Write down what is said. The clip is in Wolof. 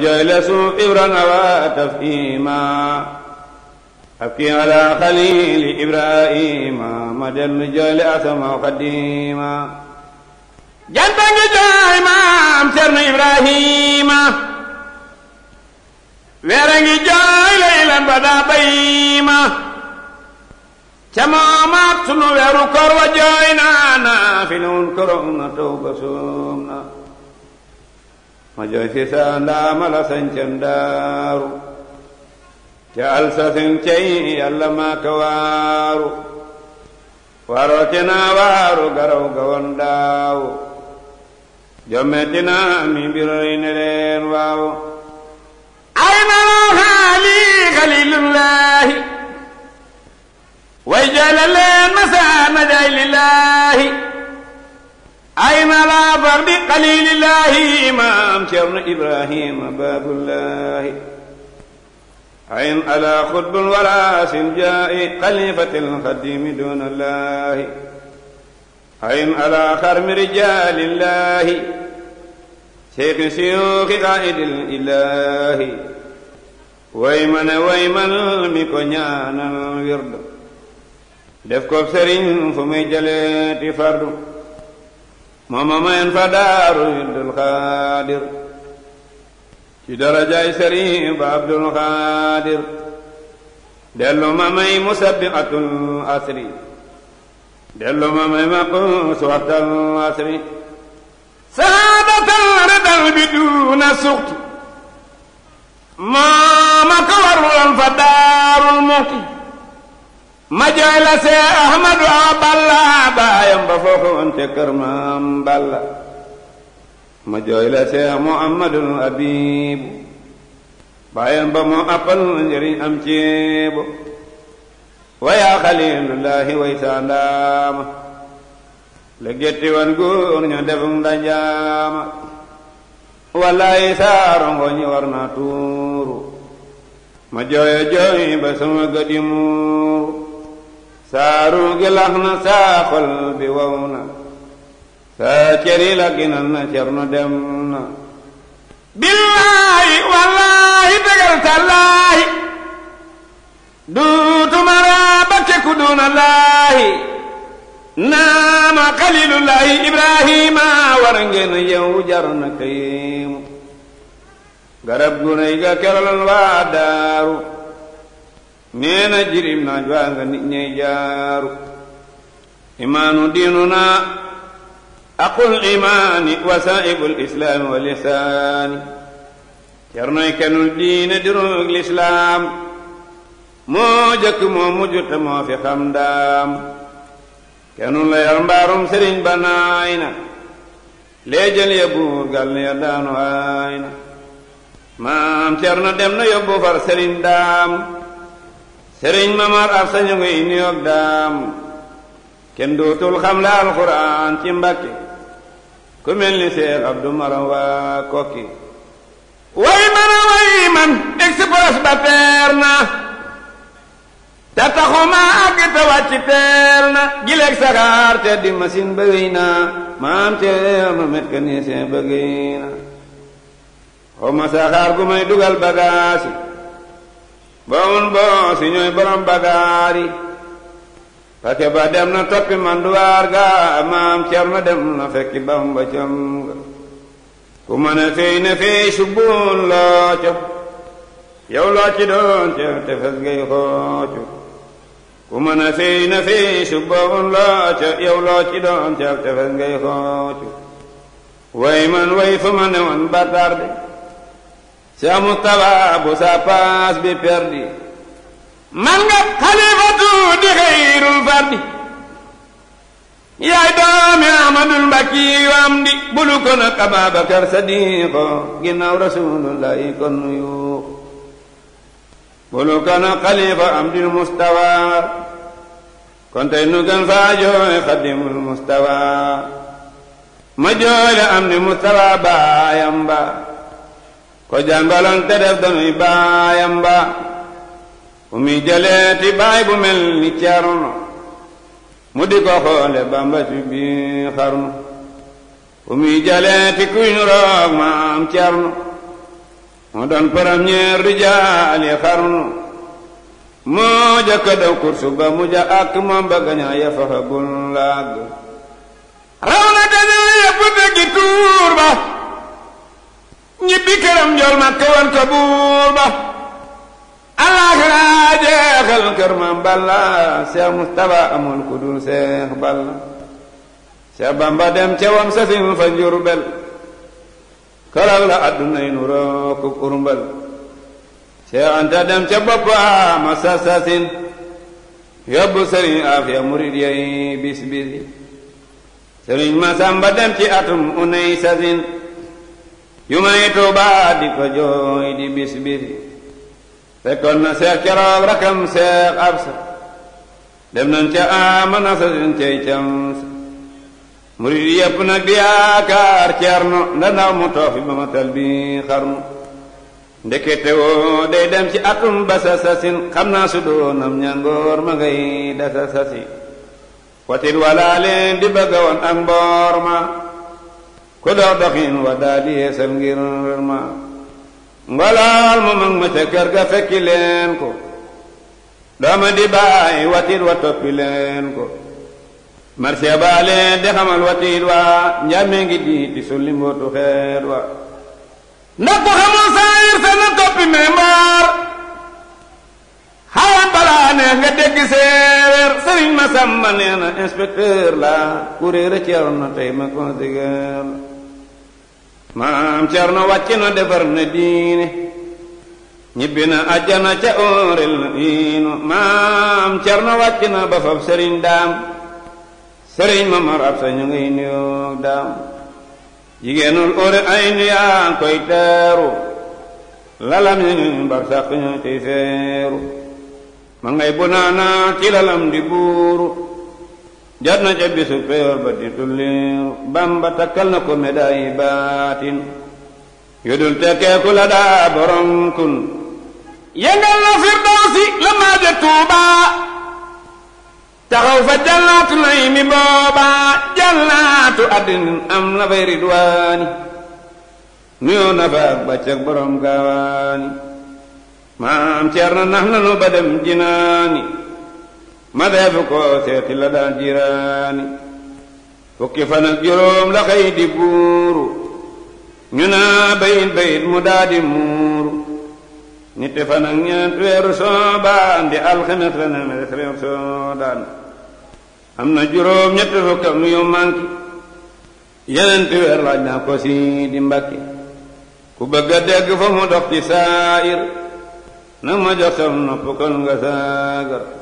جلسوا إبرا وتفهيما أبكي على خليل إبراهيم مدى الرجال أسمى قديما جنبا جاي مام سرنا إبراهيم ويرنجي جاي ليلا بدا بيما تمامات نويرو كرو جاي نانا في نون كرو نتوب سومنا ma joysisa ndaamala sañcam daaru ca alsasin cay yàlla maa ka waaru waroo ci naa waaru garaw ga woon mi mbiroy ne leen waaw ay nanoo xaali xalilullaahi way jala leen masaa najaay lillaahi ay ma laa fardi xalilillahi imaam Cerno Ibrahima baabullahi ayn ala xutbul waraasin jaa'i xalifatil xadimi doonallahi ayn ala xarmi rijaalillahi seyxi siyuuxi qaa'idil ilaahi wayman wayman mi ko ñaanal wirdu def ko fu muy jëleeti fardu mooma mayen fa daaru Abdul Xaadir ci darajaay sëriñ ba Abdul Xaadir dellu ma may musabbiqatul asri dellu ma may maqus waxtal asri saadatal radal bi duuna suxti mooma ko warulan fa daarul muxti ma jooy la see ahmadu awa balla baayam ba foo ko woon ca kër balla ma jooy la see muhammadul abibu baayam ba moo appal njëriñ am ceebo wayaa xalilullahi way saandaama la getti wan góor ña defum ndajaama wallaay saarongo ñi war naa tuuru ma jooyo jooy ba sama gëdi saaru gi lax na saa xol bi wow na saa cëri la ginal na cernu dem na billaahi wallaahi dëgal tallaahi duutuma raaba keku duuna laahi naama xalilullaahi ibrahima war ngeen yow jar na kayimu garab gu nay ga kerol waa daa nee na jirim naaj waa nga nit ñey jaaru imaanu diinuna aqul imaani wasaa'ibul islaami wa lisaani cernoy kenul diine di roog lislaam moo jëkk moo mujj te moo fi xam daam kenul la yar mbaarum sëriñ ba naay na léejël ya gal ya daanu aay maam cerno dem na yóbbu far daam sëriñ mamar ab sañu ngi nu yoog daam kenn dootul xam la alxuraan ci mbàkke ku mel ni seex abdu maram waa kokki way man a way man express ba teer na te taxuma àgg te wàcc teer na gileeg saxaar te di machine bëggéy naa maam teer na mécanicien bëggéy na xoma saxaar gu may dugal bagaasi bawul ba si ñooy borom bagaari pake ba dem na toppi manduwaar ga maam cer na dem na fekki bamba cam ku mën a fey ne fey subbuun loo co yow loo ci doon ca tefes ngay ku mën a fey ne fey subbuun loo co yow loo ci doon ca tefes ngay way man way fu ma ne woon ba Seex Mustafaa bu sa paas bi perdi man nga xalifatu di xayrul fardi yaay doomi Ahmadul Mbakki yu am di bulu ko nag Ababakar Sadiqo ginnaaw Rasulullahi kon nuyu bulu ko nag xalifa Amdil Mustafa kon tey nu gën faa jooy Xadimul Mustafa ma jooy la Amdi Mustafa baayam ba ko jàngaloon te def danuy baayam ba fu muy baay bu mel ni Cerno mu di ko xoole Bamba ci bi xarnu fu muy jëleeti kuy roog maam Cerno mu doon premier rijaali xarnu moo jëkk daw kursu ba mujja ak moom ba gañaa yafaxa bul làgg raw na te yëpp te tuur ba ñibbi këram njool ma kawan ko ba alaxira jeexal kër ma balla Cheikh Moustapha amul ku dul Cheikh Balla Cheikh Bamba dem ca sasin fa njurbel këral la addunay nu rokku urmbal Cheikh Anta dem ca boppa ma sasasin yóbbu sëriñ afiya murid yey bis bisi sëriñ Masamba dem ci atum unay sasin yu may tuuba di ko jooy di bis bis fekkoon na seex keroog rakam seex absa dem nañ ca amana sa din cey cam sa murid yépp nag nda ndaw mu toofi ba ma tal bi xarnu ndekete woo day dem ci atum ba sa xam naa su doonam ñangoor ma ngay dasa sasi watit walaa leen di bëgga woon ak mboor ma ku dox doxin wa daa di e ma ngolaal ma ma ca ga fekki leen ko dooma di bàyyi wa toppi leen ko marsiya de xamal watit wa njàmmee ngi diiti sulli mbootu wa ndax ku xamul saayir na toppi membaar xawan balaa neex nga dégg séeréer sëriñ ma sàmba nee na inspecteur la kuréer a na tey ma conséguer maam Cerno wàcc na defar na diine ñibbi na ajjana ca óorel na iinu maam Cerno na ba fab sëriñ daam sëriñ ma mar ab sa ñu daam jigéenul óore ay yaa koy teeru lalam ñu ñu mbar sàq ciy feeru ma bu naana ci lalam di buuru jot na ca bisu peyor ba di tulliir bamba takkal na ko médayi baatin yu dul tekkeeku la daa borom kun yëngal na firdawsi la maaja tuuba taxaw fa jàllaatu nay mi booba jàllaatu addin am na fay ridwaani nuyoo na fa ak baccak borom gaawaani maam ceer na nax nanu ba dem jinaani ma def ko seeti la daan jiraani fukki fan ak juróom la xëy di buuru ñu naa bayit bayit mu daadi muuru ñetti fan ak ñeent weeru soobaan di alxames la ne mes réew soodaan am na juróom ñetti fukk ak yu manki yenenti weer laaj naa ko si di mbakki ku bëgg a fa mu dox ci saayir na ma jox sam nopp kon nga saagar